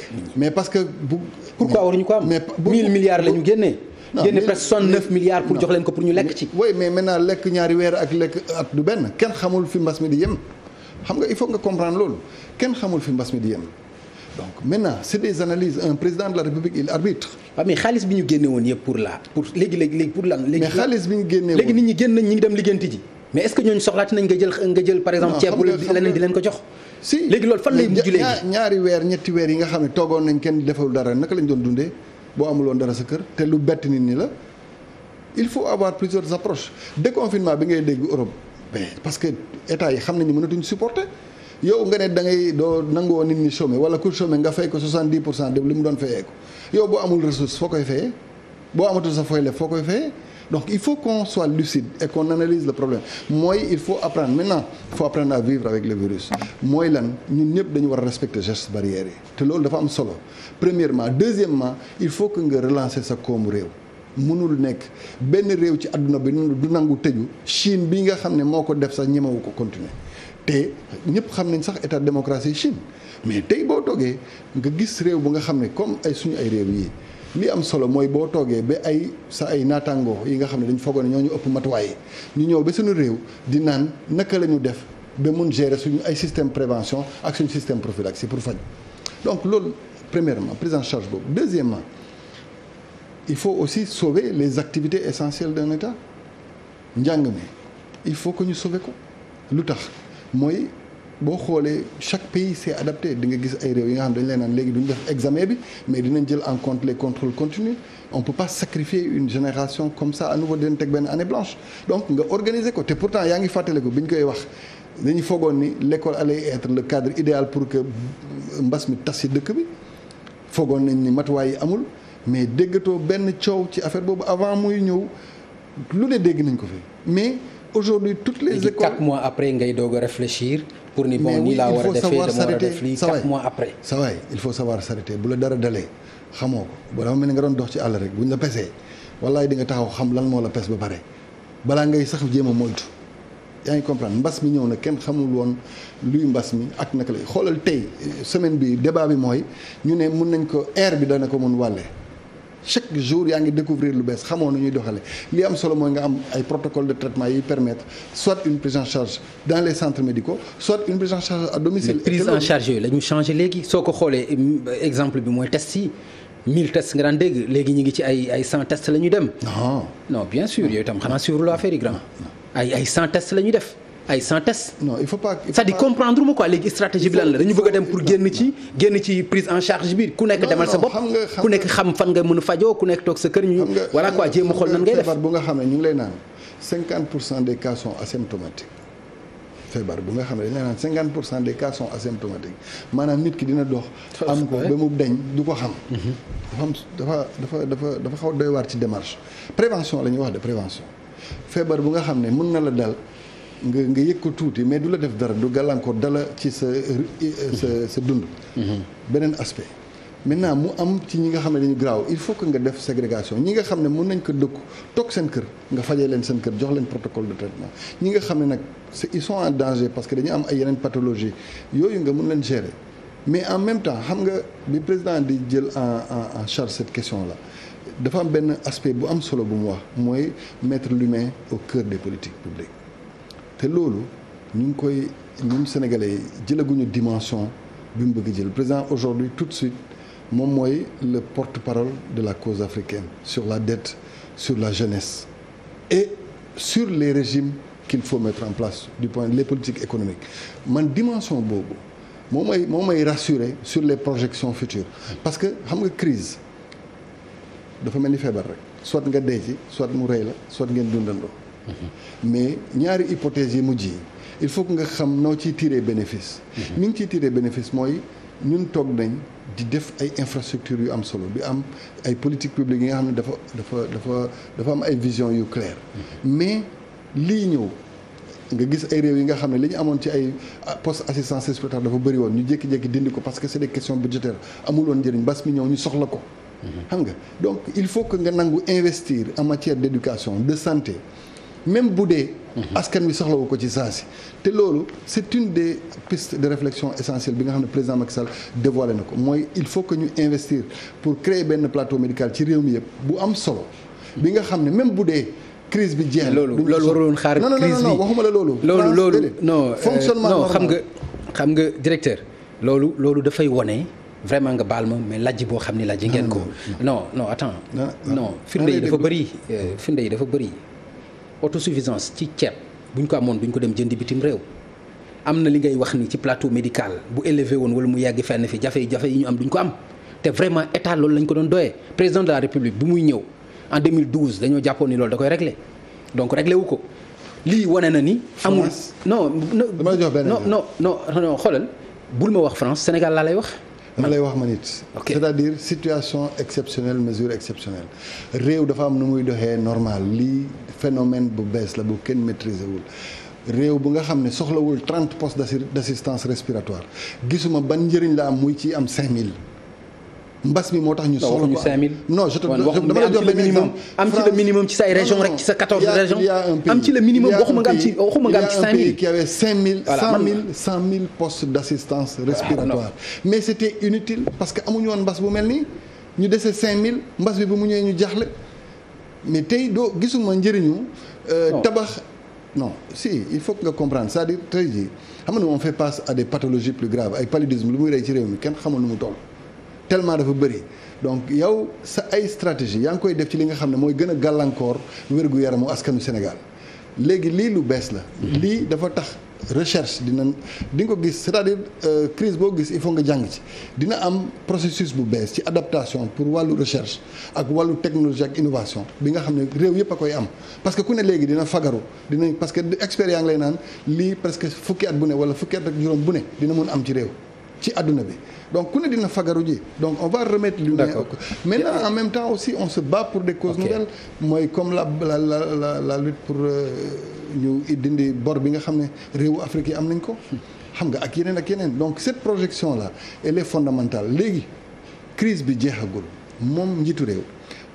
fekk. mais parce que bu. pourquoi waruñu ko am. mais bu 1000 milliards la ñu génnee. non génne presque 69 milliards pour jox leen ko pour ñu lekk ci. oui mais maintenant lekk ñaari weer ak lekk at du benn kenn xamul fi mbas mi di yem xam nga il faut nga comprendre loolu kenn xamul fi mbas mi di yem. donc maintenant c'est des analyses un président de la république il arbitre. waaw mais xaalis bi ñu génne woon yëpp pour la pour léegi léegi léegi pour lan. léegi nit ñi génn nañ si léegi fan lay mujj léegi ñaari weer ñetti weer yi nga xam ne toogoon nañ kenn deful dara naka lañ doon dundee boo amuloon dara sa kër te lu bett nit ñi la il faut avoir plusieurs approches déconfinement bi ngay dégg Europe mais parce que état yi xam nañu mënatuñ supporter yow nga ne da ngay doo nangoo nit ñi chômer wala ku chômer nga fay ko 70 pour cent de li mu doon fayee ko yow boo amul ressource foo koy fayee boo amatul sa foy lef foo koy fayee donc il faut qu'on soit lucide et qu'on analyse le problème mooy il faut apprendre maintenant il faut apprendre à vivre avec le virus mooy lan ñun ñëpp dañu war a respecter gestes barrières yi te loolu dafa am solo premièrement deuxièmement il faut que nga relancer sa koomu réew mënul nekk benn réew ci àdduna bi du nangu tëju Chine bi nga xam ne moo ko def sax ñemewu ko continuer te ñëpp xam nañ sax état démocratie Chine mais tey boo toogee nga gis réew bu nga xam ne comme ay suñu ay réew yii li am solo mooy boo toogee ba ay sa ay naataangoo yi nga xam ne dañ foogoon ñoo ñu ëpp matuwaay ñu ñëw ba suñu réew di naan naka la ñu def ba mun gérer suñu ay système prévention ak suñu système prophylaxie pour faj donc loolu premièrement prise en charge boobu deuxièmement il faut aussi sauver les activités essentielles d'un État njàng mi il faut que ñu sauver ko lu tax mooy boo xoolee chaque pays s'est adapté di nga gis ay réew yi nga xam dañ leen naan léegi duñ def examen bi mais dinañ jël en compte les contrôles continus on peut pas sacrifier une génération comme ça à nouveau dinañ teg benn année blanche donc nga organiser ko te pourtant yaa ngi fàttaliku bi ñu koy wax dañu foogoon ni l'école allait être le cadre idéal pour que mbas mi tas si dëkk bi foogoon nañ ni matuwaay yi amul mais déggatoo benn coow ci affaire boobu avant muy ñëw lu ne dégg nañ ko fi mais aujourd'hui toutes les écoles quatre mois après ngay doog a réfléchir pour ni bon nii laa war a defee war a def lii quatre mois après. sa waay il faut savoir s'arrêter bu la dara dalee xamoo ko ba dama mel ni nga doon dox ci àll rek buñ la pesee wallaay di nga taxaw xam lan moo la pes ba pare balaa ngay sax jéem a moytu. yaa ngi comprendre mbas mi ñëw na kenn xamul woon luy mbas mi ak naka lay xoolal tey semaine bi débat bi mooy ñu ne mun nañ ko air bi dana ko mun wàlle chaque jour yaa ngi découvrir lu bees xamoon na ñuy doxale li am solo mooy nga am ay protocole de traitement yiy permettre soit une prise en charge dans les centres médicaux soit une prise en charge à yooyu la ñu changé léegi soo ko xoolee exemple bi mooy test yi. 1000 tests nga daan dégg léegi ñu ngi ci ay ay 100 tests la ñuy dem. non ah. non bien sûr yooyu tam xanaa suivre l'affaire yi grand ah, ah. ay ay 100 tests la ñuy def. ay sans test. non il faut pas cest léegi stratégie bi lan la dañu bëgg a dem pour génn ci génn ci prise en charge bi ku nekk demal sa bopp ku nekk xam fan nga mën a fajoo ku nekk toog sa kër ñu. voilà quoi jéem a xool nan ngay def feebar bu nga xam ne ñu ngi lay naan 50 pour cent des cas asymptomatiques feebar bu nga xam ne dañ lay pour cent des cas sont asymptomatiques maanaam nit ki dina dox. am ko ba mu mhm. dañ dafa dafa dafa dafa xaw doy waar ci démarche prévention la ñuy wax de prévention feebar bu nga xam ne mën na la dal. nga nga yëg ko tuuti mais du la def dara du gàllankoor dala ci sa sa sa dund mhm. beneen aspect maintenant mu am ci ñi nga xam ne dañu graaw il faut que nga def ségrégation ñi nga xam ne mën nañ ko dëkku toog seen kër nga fajee leen seen kër jox leen protocole de traitement ñi nga xam ne nag ils sont en danger parce que dañu am ay yeneen pathologie yooyu nga mun leen gérer mais en même temps xam nga bi président di jël en en charge cette question la dafa am benn aspect bu am solo bu mu wax mooy mettre l'humain au cœur des politiques publiques te loolu ñu ngi koy ñun sénégalais jëlaguñu dimension bi mu bëgg jël président aujourd'hui tout de suite moom mooy le porte-parole de la cause africaine sur la dette sur la jeunesse et sur les régimes qu'il faut mettre en place du point les politiques économiques man dimension boobu moom may moo may rassurer sur les projections futures parce que xam nga crise dafa mel ni feebar rek soit nga dee ci soit mu rey la soit ngeen dundandoo mais ñaari hypothèse yi mujj yi il faut que nga xam noo ciy tirer bénéfice. mi mhm. ngi ciy tirer bénéfice mooy ñun toog nañ di def ay infrastructures yu am solo bi am ay politique publique yi nga xam ne dafa dafa dafa dafa am ay vision yu claire mhm. mais lii ñëw. nga gis ay réew yi nga xam ne li ñu amoon ci ay ah, poste assistance respiratoires dafa bari woon ñu jékki-jékki dindi ko parce que c'est des questions budgétaires amul woon njëriñ bas mi ñëw ñu soxla ko. Mhm. xam nga donc il faut que nga nangu investir en matière d'éducation de santé. même bu dee. askan wi soxlawu ko ci saa si te loolu c' une des pistes de réflexion essentielle bi nga xam ne président Macky Sall dévoilé na ko mooy il faut que ñu investir pour créer benn plateau médical ci réew mi yëpp bu am solo. bi nga xam ne même bu dee. crise bi jeex loolu loolu waroon xaar crise bi waxuma la loolu. loolu loolu non euh, fonctionnement non xam nga xam nga directeur. loolu loolu dafay wone vraiment nga baal ma mais lajj boo xam ni lajj ngeen ko. Ah, no non attends non euh, firnde yi dafa bëri firnde yi dafa bëri. autosuffisance ci ceeb buñ ko amoon duñ ko dem jëndi bitim réew am na li ngay wax ni ci plateau médical bu élevé woon wala mu yàgg fenn fi jafe-jafe yi ñu am duñ ko am te vraiment état loolu lañ ko doon doyee président de la république bu muy ñëw en 2012 dañoo jàppoon ni loolu da koy réglé donc réglé wu ko lii wane na ni. amul non non non non xoolal bul ma wax France Sénégal laa lay wax. ma lay wax ma nit c'est-à-dire situation exceptionnelle mesure exceptionnelle réew dafa am nu muy doxee normal lii phénomène bu bees la bu kenn maîtriser wul réew bu nga xam ne soxlawul trente postes d'assistance respiratoire gisuma ban njëriñ la am muy ci am cinq mille mbas mi moo tax ñu. soxla ko 5000 non je te dama am ci le minimum waxuma nga am ci waxuma nga am ci 5000. il a un pays qui avait 5000 100000 100000 postes d'assistance ah, respiratoire mais c'était inutile parce que amuñu woon mbas bu mel nii ñu dese 5000 mbas bi bu mu ñëwee ñu jaaxle mais tey doo gisuma njëriñu. Euh, tabax non si il faut que nga comprendre c'est-à-dire tey jii xam nga on fait face à des pathologies plus graves ay paludisme lu muy rey ci réew mi kenn xamul nu mu toll. tellement dafa bëri donc yow sa ay stratégie yaa ngi koy def ci li nga xam ne mooy gën a gàllankoor wér-gu-yaramu askanu Sénégal léegi lii lu bees la lii dafa tax recherche dina di nga ko gis c'est-à-dire euh, crise boo gis il faut nga jàng ci dina am processus bu bees ci adaptation pour wàllu recherche ak wàllu technologie ak innovation bi nga xam ne réew yëpp a koy am parce que ku ne léegi dina fagaru dina parce que expert yaa ngi lay naan lii presque fukki at bu ne wala fukki at juróom bu ne dina mun am ci réew ci àdduna bi donc ku ne dina fagaru ji donc on va remettre l'humain maintenant en même temps aussi on se bat pour des causes mooy comme la la la la la lutte pour euh, ñu dindi bor bi nga xam ne réewu Afrique yi am nañ ko xam nga ak yeneen ak yeneen donc cette projection la elle est fondamentale léegi crise bi jeexagul moom njiitu réew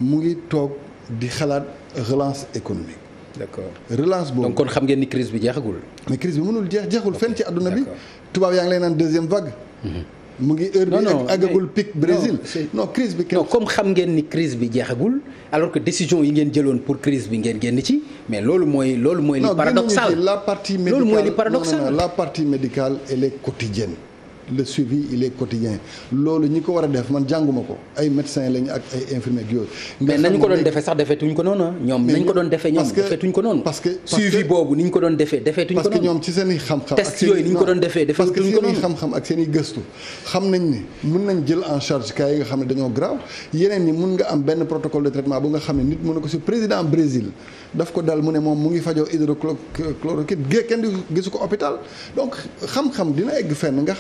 mu ngi toog di xalaat relance économique d'accord relance boobu donc kon xam ngeen ni crise bi jeexagul mais crise bi mënul jeex jeexul fenn ci àdduna bi tubaab yaa lay naan deuxième vague Mm-hmm. mu ngi heure bi agagul pic Brésil non crise bi non comme xam ngeen ni crise bi jeexagul alors que décision yi ngeen jëloon pour crise bi ngeen génn ci mais loolu mooy loolu mooy li paradoxal la partie médicale la partie médicale elle est quotidienne le suivi il est quotidien loolu ñi ko war a def man jànguma ko ay médecins lañu ak ay infirmiers ak yooyu. mais nañu ko doon defee sax defeetuñ ko noonu ñoom nañu ko doon defee ñoom defeetuñ ko noonu. parce que suivi boobu ni ñu ko doon defee defeetuñ ko noonu. ñoom ci seen i xam-xam. test yooyu ni ñu ko doon defee defeetuñ ko noonu parce que mun nañ jël en charge cas nga xam ne dañoo grave yeneen ñi mun nga am benn protocole de traitement bu nga xam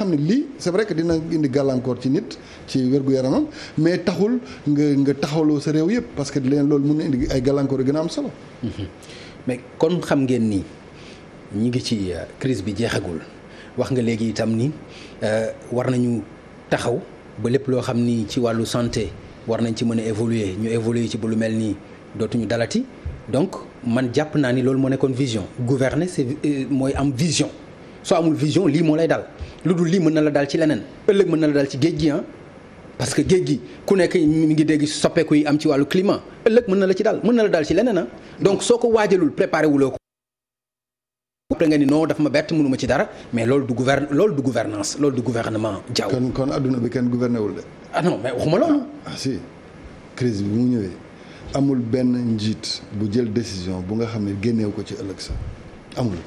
ne nit bi c'est vrai que dina indi gàllankoor ci nit ci wér-gu-yaramam mais taxul nga nga taxawloo sa réew yëpp parce que leen loolu mun na indi ay gàllankoor am solo. Mhm. mais kon xam ngeen ni ñi ngi ci euh, crise bi jeexagul wax nga léegi itam ni euh, war nañu taxaw ba lépp loo xam ni ci wàllu santé war nañ ci mën a évoluer ñu évoluer ci ba lu mel nii dootuñu dalati donc man jàpp naa ni loolu moo nekkoon vision gouverner c'est euh, mooy am vision. soo amul vision lii moo lay dal lu dul lii mën na la dal ci leneen ëllëg mën na la dal ci géej gi ah parce que géej gi ku nekk mi ngi dégg soppeeku yi am ci wàllu climat ëllëg mën na la ci dal mën na la dal ci leneen ah donc soo ko waajalul préparé wuloo ko après nga ni non daf ma bett mënu ma ci dara mais loolu du gouverne loolu du gouvernance loolu du gouvernement jaww kon kon adduna bi kenn gouverné wul de ah non mais waxuma loolu ah si crise bi mu ñëwee amul benn njiit bu jël décision bu nga xam ne génneew ko ci ëllëg sax amul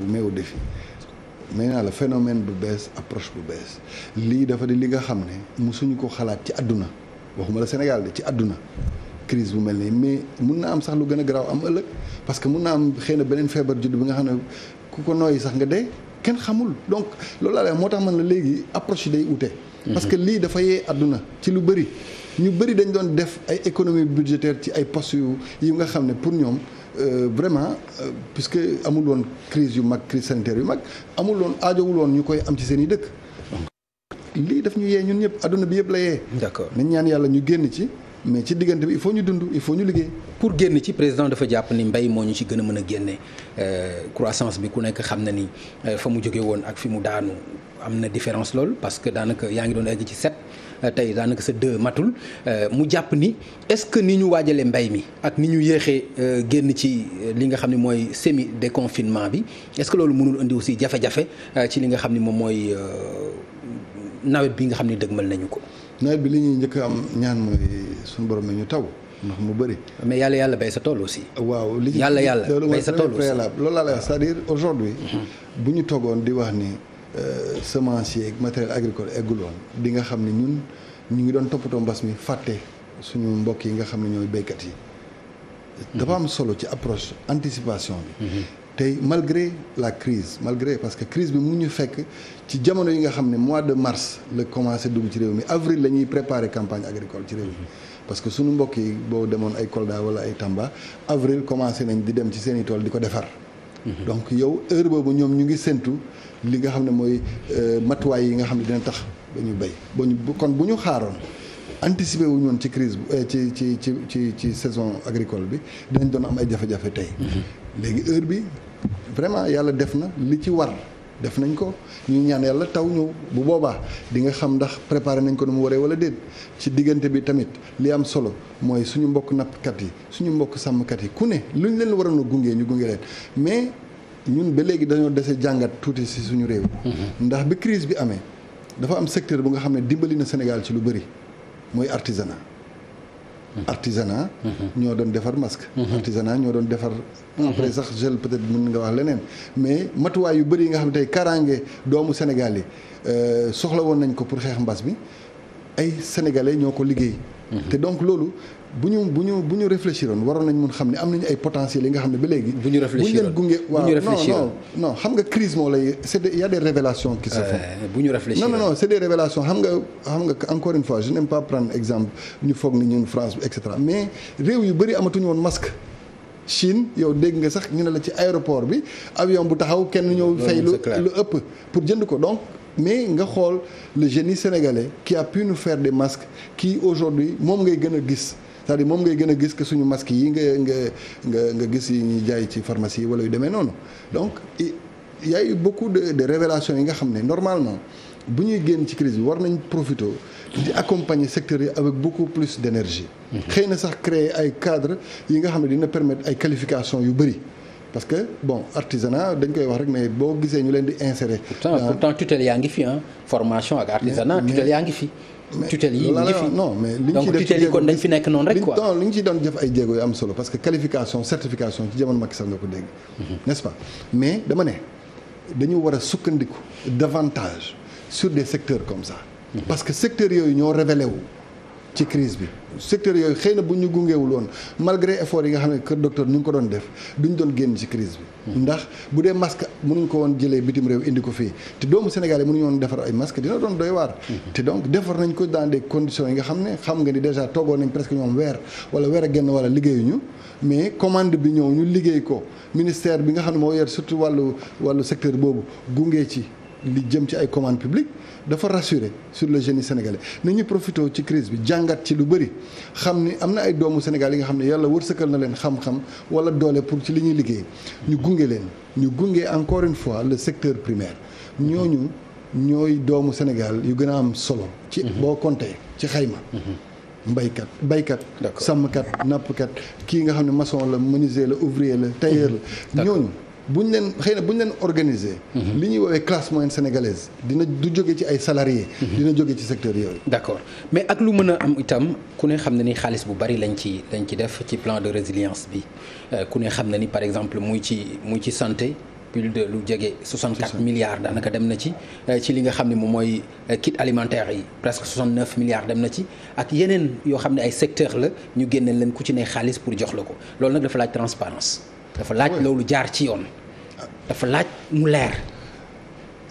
bu met defi mais naa la phénomène bu bees approche bu bees lii dafa di li nga xam ne musuñu ko xalaat ci àdduna waxuma la Sénégal de ci àdduna crise bu mel nii mais mun na am sax lu gën a garaaw am ëllëg parce que mun naa am xëy na beneen feebar judd bi nga xam ne ku ko nooyi sax nga dee kenn xamul donc loolu laa lay moo tax man la léegi approche yi day ute parce que lii dafa yee àdduna ci lu bëri ñu bëri dañ doon def ay économie budgétaire ci ay postes yu nga xam ne pour ñoom Euh, vraiment euh, puisque amul woon crise yu mag crise sanitaire yu mag amul woon aajowul woon ñu koy am ci seen i dëkk lii daf ñu yee ñun ñëpp adduna bi yëpp la yee d'accord nañ ñaan yàlla ñu génn ci mais ci diggante bi il faut ñu dund il faut ñu liggéey pour génn ci président dafa jàpp ni mbay moo ñu ci gën a mën a génne euh, croissance bi ku nekk xam na ni fa mu jóge woon ak fi mu daanu am na différence lool parce que daanaka yaa ngi doon egg ci set Euh, tey daanaka sa deux matul euh, mu jàpp ni est-ce que ni ñu waajalee mbay mi ak ni ñu yéexee euh, génn ci li nga xam ne mooy semi confinement bi est que loolu mënul indi aussi jafe-jafe ci li nga xam ne moom mooy nawet bi nga xam ne dëgmal nañu ko. nawet bi li ñuy njëkk am ñaan mooy suñu borom ñu taw. ndax mu bëri. mais yàlla yàlla bay sa toll aussi. waaw li yàlla yàlla bay sa tool aussi loolu laa lay wax cest à mhm. bu ñu toogoon di wax ni. Euh, semence yeeg matériel agricole eggul woon di nga xam ne ñun ñu ngi doon toppatoo mbas mi fàtte suñu mbokk yi nga xam ne ñooy béykat yi. dafa am solo ci approche anticipation bi. Mhm. tey malgré la crise malgré parce que crise bi mu ñu fekk ci jamono yi nga xam ne mois de mars la commencé dugg ci réew mi avril la ñuy préparer campagne agricole ci réew mi. Mhm. parce que suñu mbokk yi boo demoon ay Kolda wala ay Tamba avril commencé nañ di dem ci seen i tool di ko defar. Mhm. donc yow heure boobu ñoom ñu ngi séntu li nga xam ne mooy euh, matuwaay yi nga xam ne dina tax ba ñu béy ba ñu kon bu ñu xaaroon anticiper wuñu ci crise euh, ci ci ci ci ci saison agricole bi dañ doon am ay jafe-jafe tey. Mhm. léegi heure bi vraiment yàlla def na li ci war. def nañ ko ñu ñaan yàlla taw ñëw bu boobaa di nga xam ndax préparer nañ ko nu mu waree wala déet ci diggante bi tamit li am solo mooy suñu mbokk nappkat yi suñu mbokk sàmmkat yi ku ne luñ leen waroon a gungee ñu gunge leen mais ñun ba léegi dañoo dese jàngat tuuti si suñu réew. Mm-hmm. ndax bi crise bi amee dafa am secteur bu nga xam ne dimbali na Sénégal ci lu bëri mooy artisanat. artisanat ñoo doon defar masque mhm. artisanat ñoo doon defar mhm. après sax gel peut-être mën nga wax leneen mais matuwaay yu bëri yi nga xam tey kaaraange doomu Sénégal yi euh, soxla woon nañ ko pour xeex mbas bi ay sénégalais ñoo ko liggéey. Mhm. te donc loolu bu ñu bu ñu bu ñu réfléchiroon waroon nañ mun xam ne am nañu ay potentiel yi nga xam ne ba léegi. bu ñu réfléchiroon bu ñu leen gunge waaw non non non xam nga crise moo lay c' est des y' a des révélations qui se font. Euh, bu ñu réfléchiroon non non non c' est des révélations xam nga xam nga encore une fois je n'aime pas prendre exemple ñu foog ni ñun France et cetera mais réew yu bëri amatuñu woon masque. Chine yow dégg nga sax ñu ne la ci aéroport bi avion bu taxaw kenn ñëw fay lu ëpp pour jënd ko donc. mais nga xool le génie sénégalais qui a pu nous faire des masques qui aujourd'hui moom ngay gën a gis cest à moom ngay gën a gis que suñu masques yi nga nga nga nga gis yi ñuy jaay ci pharmacie yi yu demee noonu donc il y beaucoup de de révélations yi nga xam ne normalement bu ñuy génn ci crise bi war nañ profité di accompagner secteurs yi avec beaucoup plus d'énergie mhm. xëy na sax créer ay cadres yi nga xam ne dina permettre ay qualifications yu bëri parce que bon artisanat dañ koy wax rek mais boo gisee ñu leen di insérer. pourtant ah. pourtant tutelle yaa ngi fi ah formation ak artisanat tutelle yaa ngi fi. tutelle yi ngi fi non mais li ñu ci def donc fi nekk noonu rek quoi non li ñu doon jëf ay jéego yu am solo parce que qualification certification ci jamono Macky Sall nga ko dégg. Mhm. n'est-ce pas mais dama ne dañu war a sukkandiku davantage sur des secteur comme ça. Mhm. parce que secteurs yooyu ñoo révélé wu. ci crise bi secteur yooyu xëy na bu ñu gungeewul woon malgré effort yi nga xam ne kër docteur ñu ngi ko doon def duñ doon génn ci crise bi hmm. ndax bu dee masque mënuñ ko woon jëlee bitim réew indi ko fii te doomu Sénégal yi mënuñ woon defar ay masque dina doon doy waar hmm. te donc defar nañ ko dans des conditions yi nga xam ne xam nga ni déjà toogoon nañ presque ñoom weer wala weer a genn wala liggéeyuñu mais commande bi ñëw ñu liggéey ko ministère bi nga xam ne moo yor surtout wàllu wàllu secteur boobu gungee ci li jëm ci ay commandes publique dafa rassurer sur le génie sénégalais na ñu profité ci crise bi jàngat ci lu bëri xam ni am na ay doomu Sénégal yi nga xam ne yàlla wërsëkal na leen xam-xam wala doole pour ci li ñuy liggéey ñu gunge leen ñu gunge encore une fois le secteur primaire ñooñu ñooy doomu Sénégal yu gën a am solo ci mhm. boo compté ci xayma mhm. mbaykat baykat sàmmkat nappkat kii nga xam ne maçon la menuisier la ouvrier la tailleur la mhm. ñooñu bu ñu leen xëy bu ñu leen organiser. Mhm. li ñuy woowee classe moyenne sénégalaise dina du jóge ci ay salariés. Mhm. dina jóge ci secteur yooyu. d'accord mais ak lu mën a am itam ku ne xam na ni xaalis bu bari lañ ci lañ ci def ci plan de résilience bi euh, ku ne xam na ni par exemple muy ci muy ci santé. plus de lu jóge 64 milliards daanaka dem na ci euh, ci li nga xam ne moom mooy euh, kit alimentaire yi presque 69 milliards dem na ci ak yeneen yoo xam ne ay secteurs la ñu génneel leen ku ci ne xaalis pour jox la ko loolu nag dafa laaj transparence dafa laaj loolu jaar ci yoon. dafa laaj mu leer.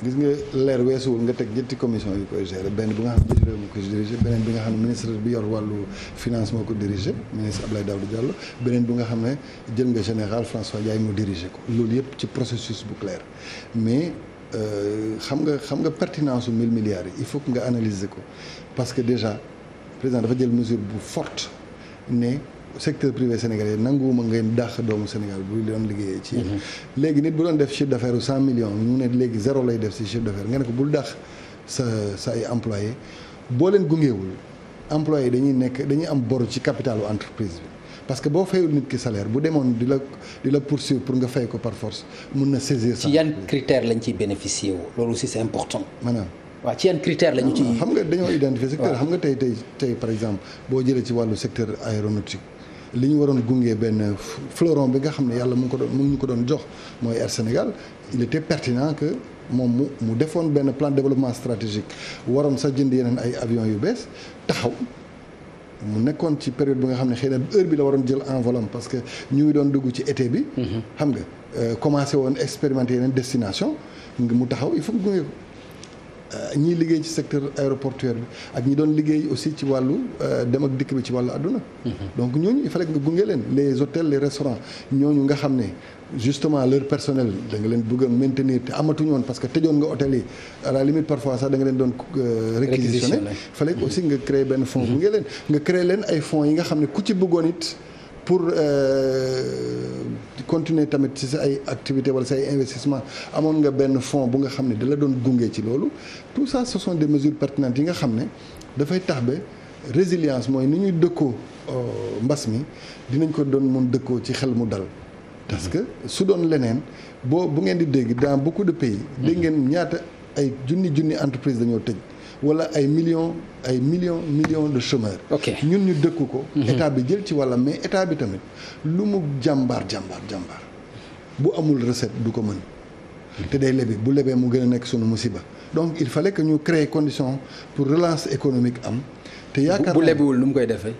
gis nga leer weesuwul nga teg ñetti commission yu koy gérer benn bi nga xam ne bi nga xam ne ministre bi yor wàllu finance ko diriger ministre Abdoulaye Daouda Diallo beneen bi nga xam ne jël nga général François Ndiaye mu diriger ko loolu yëpp ci processus bu clair mais euh, xam nga xam nga pertinence su 1000 milliards yi il faut nga analyser ko parce que déjà président dafa jël mesure bu forte ne. secteur privé sénégalais nanguwuma ngeen dàq doomu Sénégal bu doon liggéeyee ci yéen mhm. léegi nit bu doon def chiffre d'affaires u cent millions ñu ne léegi zéro lay def si chiffre d'affaires nga ne ko bul dàq sa sa ay employé boo leen gungeewul employé dañuy nekk dañuy am bor ci capitalu entreprise bi parce que boo fayul nit ki salaire bu demoon di la di la poursuivre pour nga fay ko par force mun na saisir ci yan critère lañ ci bénéficier wu loolu aussi c'est important maanaam waaw ci yan critère lañu ah, ci xam nga dañoo identifier secteur xam nga tey tey tey par exemple boo jëlee ci wàllu secteur aéronautique li ñu waroon gungee benn fleuron bi nga xam ne yàlla mu ngi ko doon mu ngi ñu ko doon jox mooy Air Sénégal il était pertinent que moom mu mu defoon benn plan de développement stratégique waroon sax jënd yeneen ay avions yu bees taxaw mu nekkoon ci période bi nga xam ne xëy heure bi la waroon jël envolam parce que ñu ngi doon dugg ci été bi. Mhm. xam nga euh, commencé woon expérimenter yeneen destination mu taxaw il faut gunge Euh, ñiy liggéey ci secteur aéroportuaire bi ak ñi doon liggéey aussi ci wàllu euh, dem ak dikk bi ci wàllu àdduna mhm. donc ñooñu il fallait nga gunge leen les hôtels les restaurants ñooñu nga xam ne justement leur personnel da nga leen bëgg a maintenir te amatuñu woon parce que tëjoon nga hôtel yi à la limite parfois sax da nga leen doon euh, réquisitionné fallait aussi nga créer benn fonds mhm. gunge leen nga créer leen ay fonds yi nga xam ne ku ci bëggoon it pour continuer tamit ci sa ay activité wala sa ay investissement amoon nga benn fonds bu nga xam ne dala doon gunge ci loolu tout ça ce de des mesures pertinentes yi nga xam ne dafay tax ba résilience mooy ni ñuy dëkkoo euh, mbas mi dinañ ko doon mun dëkkoo ci xel mu dal parce que su doon leneen boo bu ngeen di dégg dans beaucoup de pays dégg ngeen ñaata ay junni junni entreprise dañoo tëj wala ay millions ay millions millions de chômeurs. ñun ñu dëkku ko. Mhm. état bi jël ci wàllam mais état bi tamit lu mu jàmbaar jàmbaar jàmbaar bu amul recette du ko mën. te day lebe bu lebee mu gën a nekk sunu musiba. donc il fallait que ñu créer condition pour relance économique am. te yaakaar bu lebiwul nu mu koy defee.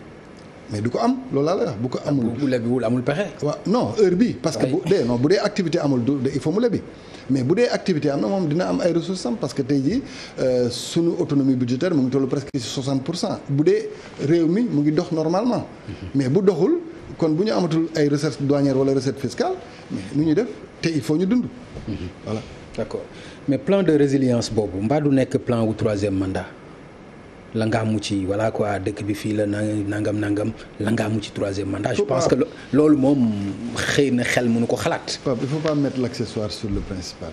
mais du ko am loolu laa lay bu ko amul. bu lebiwul amul pexe. waaw non heure bi parce que bu dee non bu dee activité amul du il faut mu lebi mais bu dee activité am na moom dina am ay ressources am parce que tey jii euh, sunu autonomie budgétaire mu ngi toll presque ci 60 pour cent bu dee réew mi mu ngi dox normalement. Mhm. mais bu doxul kon bu ñu amatul ay recettes douanières wala recette fiscale mais nu ñu def tey il ñu dund. Mhm. voilà d' accord mais plan de résilience boobu mbaa du nekk plan wu troisième mandat. la nga amu ci voilà quoi dëkk bi fii la nangam nangam la nga amu ci troisième mandat. parce pense que loolu moom xëy na xel mënu ko xalaat. Pape il faut pas mettre l'accessoire le principal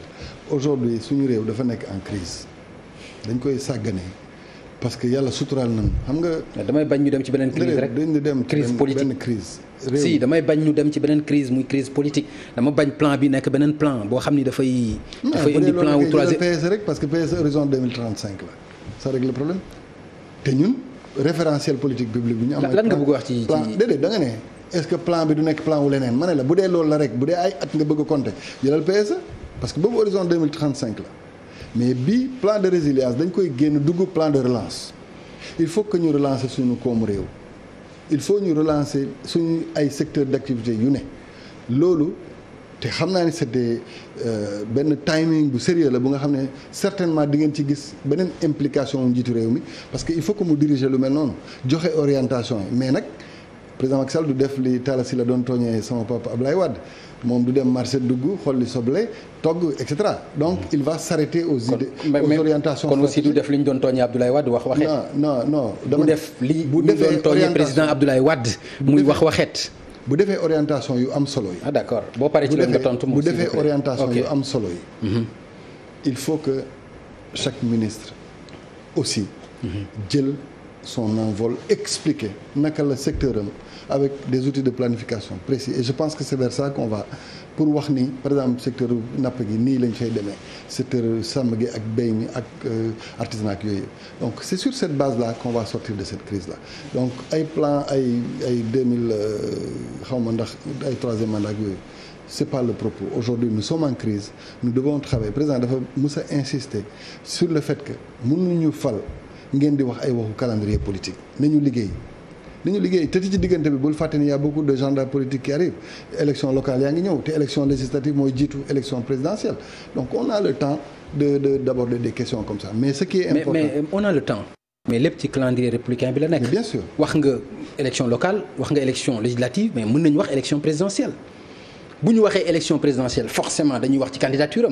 aujourd'hui suñu réew dafa nekk en crise dañ koy sàggane parce que yàlla suturaal nañu xam nga. damay bañ ñu dem ci beneen crise rek dañu dem crise politique benn crise si damay bañ ñu dem ci beneen crise muy crise politique dama bañ plan bi nekk beneen plan boo xam ni dafay. dafay indi plan wu PS rek parce que PS horizon 2035 la ça règle le problème. te ñun référentiel politique publique bi ñu am. lan nga bëgg wax ci plan déedéet da nga ne est-ce que plan bi du nekk plan wu leneen ma ne la bu dee loolu la rek bu dee ay at nga bëgg a compter jëlal e, parce que boobu horizon 2035 la mais bi plan de résilience dañ koy génn dugg plan de relance il faut que ñu relancer suñu koom réew il faut ñu relancer suñu ay secteurs d'activité yu ne loolu te xam naa ne c'était euh, benn timing bu sérieux la bu nga xam ne certainement di ngeen ci gis beneen implication njiitu réew mi parce que il faut que mu diriger lu mel noonu joxe orientation yi mais nag président Macky Sall du def li Talla la doon tooñee sama papa Ablaye Wade moom du dem marché dugg xool li soble togg et donc mm. il va s'arrêter aux idées aux orientations kon aussi du def li ñu doon tooñee Abdoulaye Wade wax waxet non non non du def li ñu doon tooñee président Abdoulaye Wade muy wax waxet bu defee orientation yu am solo yi. ah d'accord boo paree ci bu defee orientation yu am solo mm-hmm. il faut que chaque ministre aussi. Mm-hmm. jël son envol expliquer naka la secteur am avec des outils de planification précis et je pense que c'est vers ça qu'on va. pour wax ni par exemple secteur napp gi nii lañ fay demee secteur sàmm gi ak mbéy mi ak euh, artisanat ak yooyu donc c' sur cette base là qu'on va sortir de cette crise là donc ay plan ay ay deux mille euh, xaw ma ndax ay troisième ak yooyu c'est par le propos aujourd'hui nous sommes en crise nous devons travailler président dafa mus a sur le fait que ñu fal ngeen di wax ay waxu calendrier politique ñu liggéey li ñu liggéey te ci diggante bi bul fàtte ni beaucoup de gendarmes politiques qui arrivent élection locale yaa ngi ñëw te élection législative mooy jiitu élection présidentielle donc on a le temps de de d'aborder des questions comme ça mais ce qui est important mais, on a le temps mais lépp ci calendrier républicain bi la nekk bien sûr wax nga élection locale wax nga élection législative mais mën nañu wax élection présidentielle bu ñu waxee élection présidentielle forcément wax ci candidature